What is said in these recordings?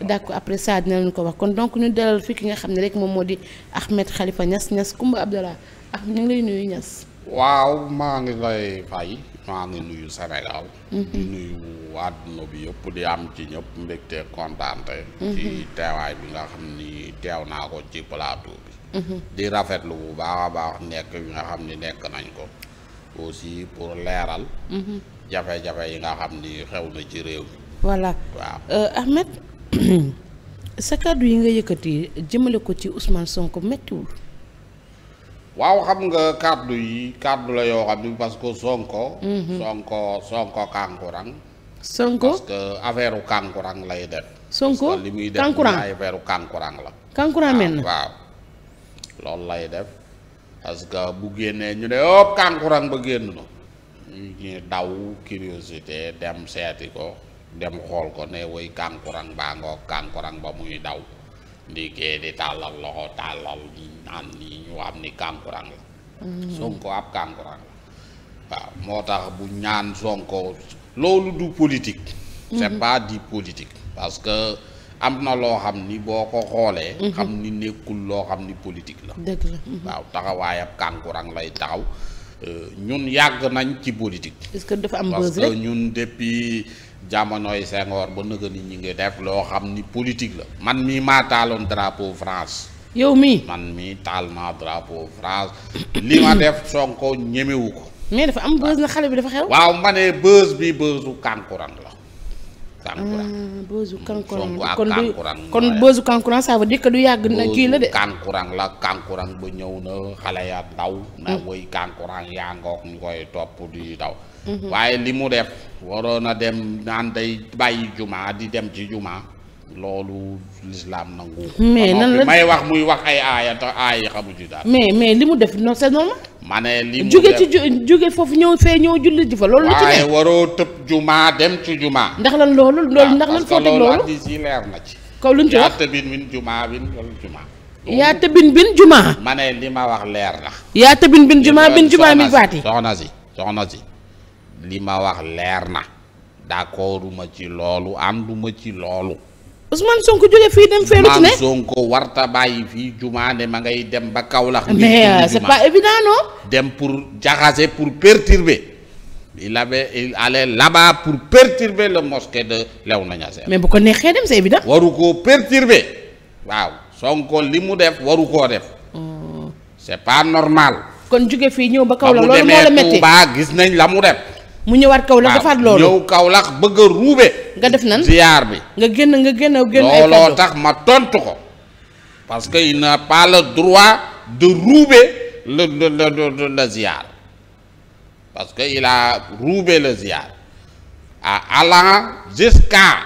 d'accord après ça dina leen ko wax kon donc ñu dalal fi ki nga xam ne rek moom moo di Ahmed xalifa ñas ñas Kumba Abdallah ah ñu ngi lay nuyu Niass. waaw maa ngi lay fay maa ngi nuyu Sénégal. Mhm. nuyu àdduna bi di am ci ñëpp mbégte kontaante. Mhm. ci teewaay bi nga xam naa ko ci mhm. di rafetlu bu baax a baax nekk yi nga xam ni nekk nañ ko. aussi pour leeral. jafe-jafe yi nga xam ni xew ci réew mi. sa kàddu yi nga yëkkati jëmale ko ci Ousmane Sonko méttiwul. waaw xam nga kàddu yi kàddu la yoo xam ni parce que Sonko. Mhm. Sonko Sonko kankurang. Sonko kankurang lay def. Sonko li muy def la. kankurang mel na waaw loolu lay def parce que bu génnee ñu ne yëpp kankurang ba génn na ñu daw curiosité dem seeti ko. dem xool ko ne woy kànkurang baa ngoog kànkurang ba muy daw ndikee di tàllal loxo tàllal di ñu xam ni kànkurang la mm-hmm. Sonko ab kànkurang waaw moo tax bu ñaan Sonko loolu du politique c'est di mm-hmm. du politique parce que am na loo xam ni boo ko xoolee mm-hmm. xam ni nekkul loo xam ni politique la dëgg la waaw taxawaayab lay taxaw ñun yàgg nañ ci politique. est-ce que dafa am buzz ñun depuis jamonoy Senghor ba nëgë ni ñi ngi def loo xam ni politique la. man mii maa taaloon drapeau France. yow mii man mii taal naa drapeau France. li ma def Sonko ñemewu ko. mais dafa am buzz na xale bi dafa xew. waaw ma ne bi buzzu kankurang la. kankurang ah, boosu hmm, kankurang kon du di boosu du yàgg na kii la de kankurang la kankurang ba ñëw na xale ya daw na hmm. woy kankurang yaa ngoog ñu koy topp di daw hmm. waaye li mu def waroon a dem naan day bàyyi juma di dem ci jumaa loolu lislaam nangu mais nan la may wax muy wax ay aaya te aaya xamu ci mais mais li mu def non normal ma li jóge ci jóge foofu ñëw fee ñëw julli ji fa loolu. lu ci ne waroo tëb juma dem ci juma. ndax la loolu loolu ndax lan foo teg loolu na ci. kaw lu ñu ci wax yaa tëbin bin juma bin loolu juma. yaa tëbin bin juma. ma ne li ma wax leer na. yaa tëbin bin juma bin juma mi baati. soxna si soxna si li ma wax leer na. d'accorduma ci loolu ànduma ci loolu. soo ko jógee fii dem fee. lu ne Sonko warta bàyyi fii jumaa ne ma ngay dem ba Kaolack. mais euh, c'est pas évident non. dem pour jaxase pour perturber. il avait il allait là-bas pour perturber le mosquée de Léona Niassène. mais bu ko neexee dem c'est évident. waru koo perturber waaw Sonko li mu def waru koo def. Oh. c'est pas normal. kon jóge fii ñëw ba Kaolack loolu moo la métti ba gis nañ la mu def. mu ñëwaat Kaolack defaat loolu ñëw Kaolack bëgg a ruube. nga def nan ziar bi. nga génn nga génn génn looloo tax ma tontu ko parce que il n'a pas le droit de ruube le le parce que il a roubé le ziar ah allant jusqu'à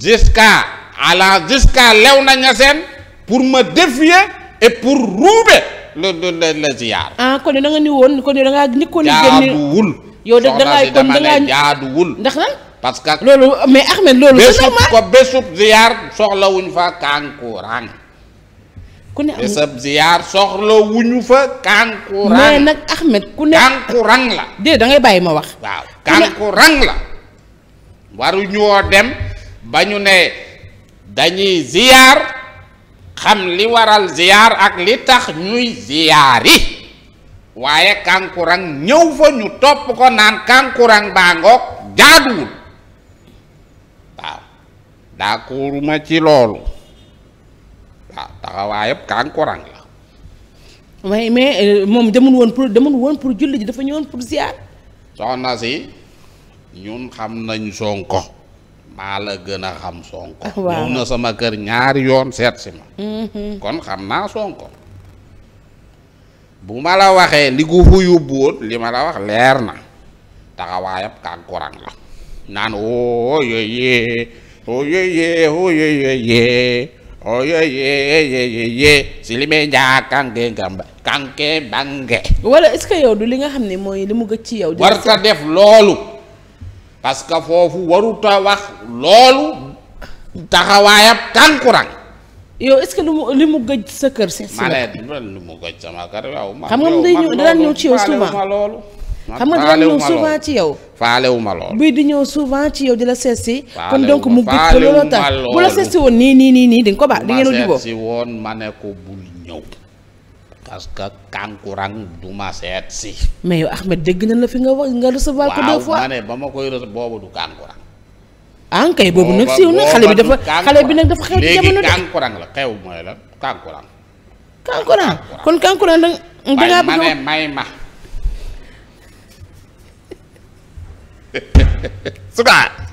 jusqu'à allant jusqu'à Léona Niassène pour me défier et pour ruube. lu lu la ziyaar. Ah, kon da nga ni kon da ngaa yow da ngaa kon ndax lan parce que. loolu mais Ahmed loolu. c'est normal ko fa kankurang. ku ne am bésub la. déedéet da bàyyi ma wax. waaw kankurang la. waruñoo dem ba ñu ne dañuy ziyaar. xam li waral ziyaar ak li tax ñuy ziyaari waaye kankurang ñëw fa ñu topp ko naan kankurang baa ngoog jaaduwul waaw d'accorduma ci loolu waaw taxawaayab kankurang la waaye mais euh, moom demul woon pour demul woon pour julli ji dafa ñëwoon pour ziyaar soxna si ñun xam nañ Sonko maa la gën a xam sonko ñëw na sama kër ñaari yoon seet si ma mm-hmm. kon xam naa sonko bu ma la waxee li gu fu yóbbu li ma la wax leer na taxawaayam kànkurang la naan si li may njaa kànke gamba kànke bange wala est-ce que yow du li nga xam ne mooy li mu gëj ci yow war ta def loolu parce que foofu waruta wax loolu taxawaayab kànkurang yow est-ce lu mu li mu gëj sa kër seet si la lu mu gëj sama kër waaw xam nga day ñëw daan ñëw ci yow souvent loolu xam nga daan ñëw souvent ci yow faalewuma ma loolu bii di ñëw souvent ci yow di la seet si kon mu gëj ko looloo tax bu la seet woon nii nii nii nii di nga ko baax di ngeen a juboo woon ma ne ko bul ñëw parce que kankurang du ma seet si. mais yow Ahmed dégg na la fi nga wax nga recevoir ko deux fois ma ne ba ma koy recevoir boobu du kankurang. ah kon kankurang da nga. ma ne may ma.